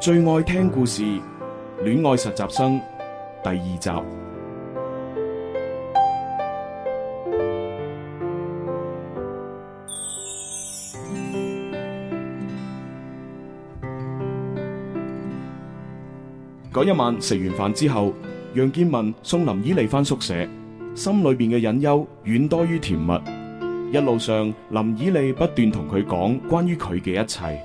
最愛聽故事《戀愛實習生》第二集。嗰 一晚食完飯之後，楊建文送林依麗翻宿舍，心裏邊嘅隱憂遠多於甜蜜。一路上，林依麗不斷同佢講關於佢嘅一切。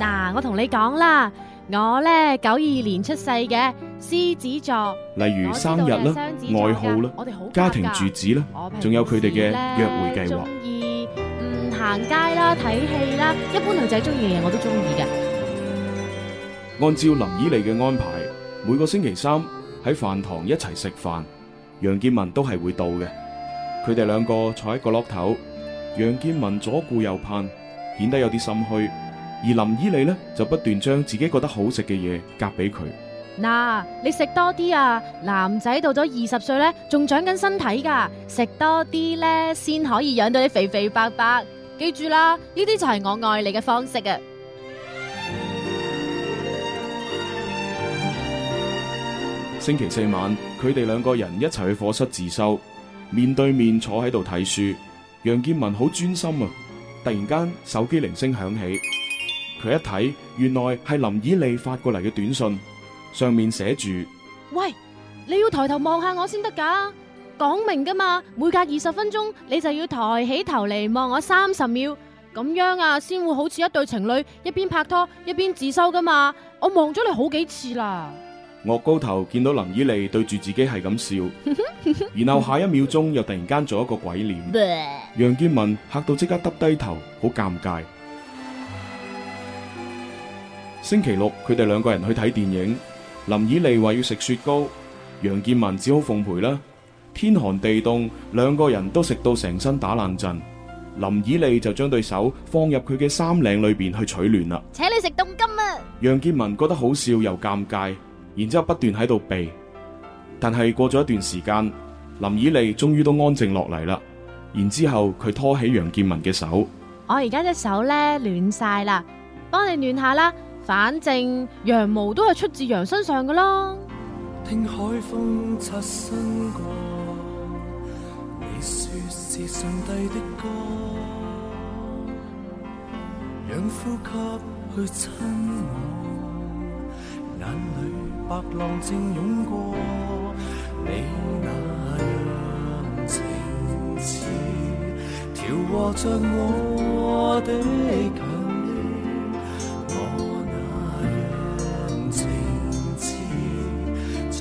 嗱，我同你講啦。我咧，九二年出世嘅獅子座，例如生日啦、愛好啦、家庭住址啦，仲有佢哋嘅約會計劃。中意唔行街啦、睇戲啦，一般女仔中意嘅嘢我都中意嘅。按照林以利嘅安排，每個星期三喺飯堂一齊食飯，楊建文都係會到嘅。佢哋兩個坐喺個落頭，楊建文左顧右盼，顯得有啲心虛。而林依莉呢，就不斷將自己覺得好食嘅嘢夾俾佢。嗱，你食多啲啊！男仔到咗二十歲呢，仲長緊身體㗎，食多啲呢，先可以養到你肥肥白白。記住啦，呢啲就係我愛你嘅方式啊！星期四晚，佢哋兩個人一齊去課室自修，面對面坐喺度睇書。楊建文好專心啊！突然間，手機鈴聲響起。佢一睇，原來係林以莉發過嚟嘅短信，上面寫住：喂，你要抬頭望下我先得噶，講明噶嘛，每隔二十分鐘你就要抬起頭嚟望我三十秒，咁樣啊，先會好似一對情侶一邊拍拖一邊自修噶嘛。我望咗你好幾次啦。岳高頭見到林以莉對住自己係咁笑，然後下一秒鐘又突然間做一個鬼臉，楊建文嚇到即刻耷低頭，好尷尬。星期六，佢哋兩個人去睇電影。林以利話要食雪糕，楊建文只好奉陪啦。天寒地凍，兩個人都食到成身打冷震。林以利就將對手放入佢嘅衫領裏邊去取暖啦。請你食凍金啊！楊建文覺得好笑又尷尬，然之後不斷喺度避。但係過咗一段時間，林以利終於都安靜落嚟啦。然之後佢拖起楊建文嘅手，我而家隻手咧暖晒啦，幫你暖下啦。反正羊毛都係出自羊身上嘅啦。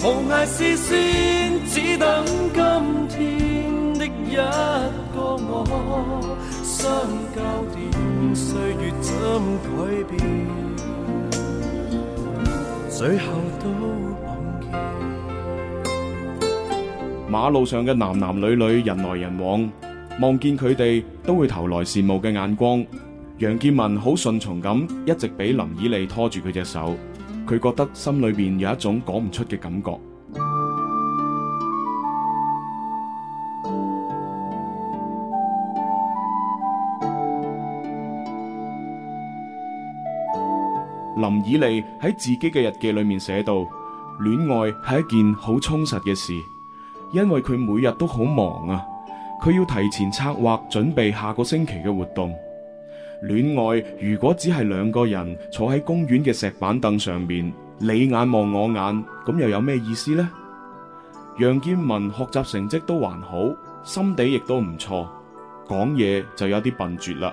無愛是心只等今天的一個我上高點歲月怎改變最後都忘記。馬路上嘅男男女女，人來人往，望見佢哋都會投來羨慕嘅眼光。楊建文好順從咁，一直俾林以利拖住佢隻手。佢覺得心裏邊有一種講唔出嘅感覺。林以利喺自己嘅日記裏面寫到：「戀愛係一件好充實嘅事，因為佢每日都好忙啊，佢要提前策劃準備下個星期嘅活動。戀愛如果只係兩個人坐喺公園嘅石板凳上面，你眼望我眼，咁又有咩意思呢？楊建文學習成績都還好，心地亦都唔錯，講嘢就有啲笨拙啦。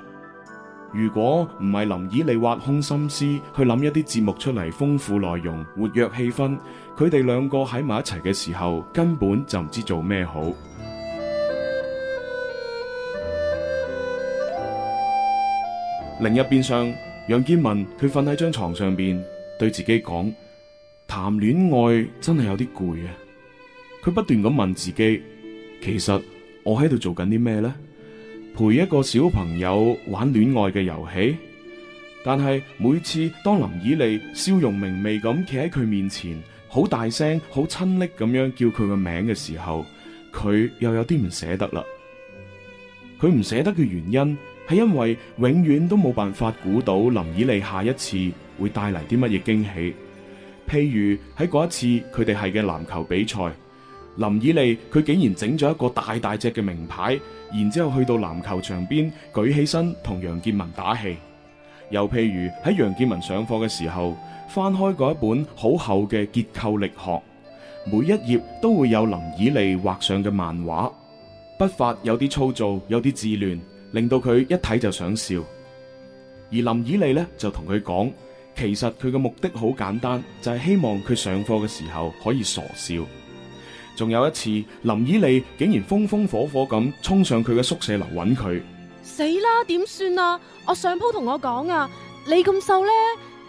如果唔係林以利挖空心思去諗一啲節目出嚟豐富內容、活躍氣氛，佢哋兩個喺埋一齊嘅時候，根本就唔知做咩好。另一邊上，楊建文佢瞓喺張床上邊，對自己講：談戀愛真係有啲攰啊！佢不斷咁問自己，其實我喺度做緊啲咩呢？陪一個小朋友玩戀愛嘅遊戲，但係每次當林以莉笑容明媚咁企喺佢面前，好大聲、好親昵咁樣叫佢個名嘅時候，佢又有啲唔捨得啦。佢唔捨得嘅原因。係因為永遠都冇辦法估到林以利下一次會帶嚟啲乜嘢驚喜。譬如喺嗰一次佢哋係嘅籃球比賽，林以利佢竟然整咗一個大大隻嘅名牌，然之後去到籃球場邊舉起身同楊建文打氣。又譬如喺楊建文上課嘅時候，翻開嗰一本好厚嘅結構力學，每一頁都會有林以利畫上嘅漫畫，筆法有啲粗糙，有啲稚嫩令到佢一睇就想笑，而林以利呢，就同佢講，其實佢嘅目的好簡單，就係、是、希望佢上課嘅時候可以傻笑。仲有一次，林以利竟然風風火火咁衝上佢嘅宿舍樓揾佢。死啦！點算啊？我上鋪同我講啊，你咁瘦呢，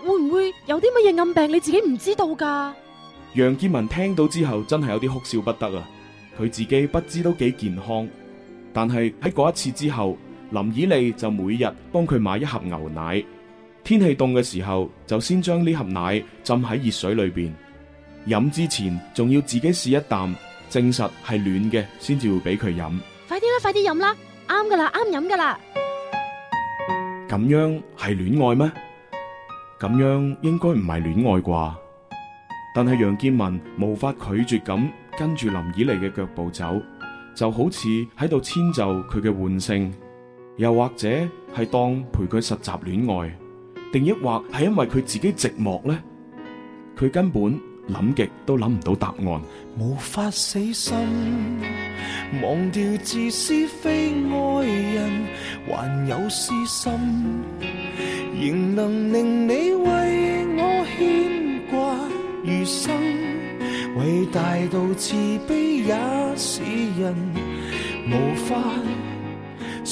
會唔會有啲乜嘢暗病？你自己唔知道噶？楊建文聽到之後真係有啲哭笑不得啊！佢自己不知都幾健康，但係喺嗰一次之後。林以麗就每日幫佢買一盒牛奶，天氣凍嘅時候就先將呢盒奶浸喺熱水裏邊，飲之前仲要自己試一啖，證實係暖嘅先至會俾佢飲。快啲啦，快啲飲啦，啱噶啦，啱飲噶啦。咁樣係戀愛咩？咁樣應該唔係戀愛啩？但係楊建文無法拒絕咁跟住林以麗嘅腳步走，就好似喺度遷就佢嘅玩性。又或者係當陪佢實習戀愛，定抑或係因為佢自己寂寞呢？佢根本諗極都諗唔到答案，無法死心，忘掉自私非愛人，還有私心，仍能令你為我牽掛餘生，偉大到自卑也使人無法。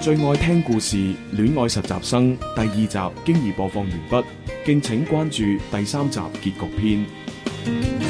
最愛聽故事《戀愛實習生》第二集，經已播放完畢，敬請關注第三集結局篇。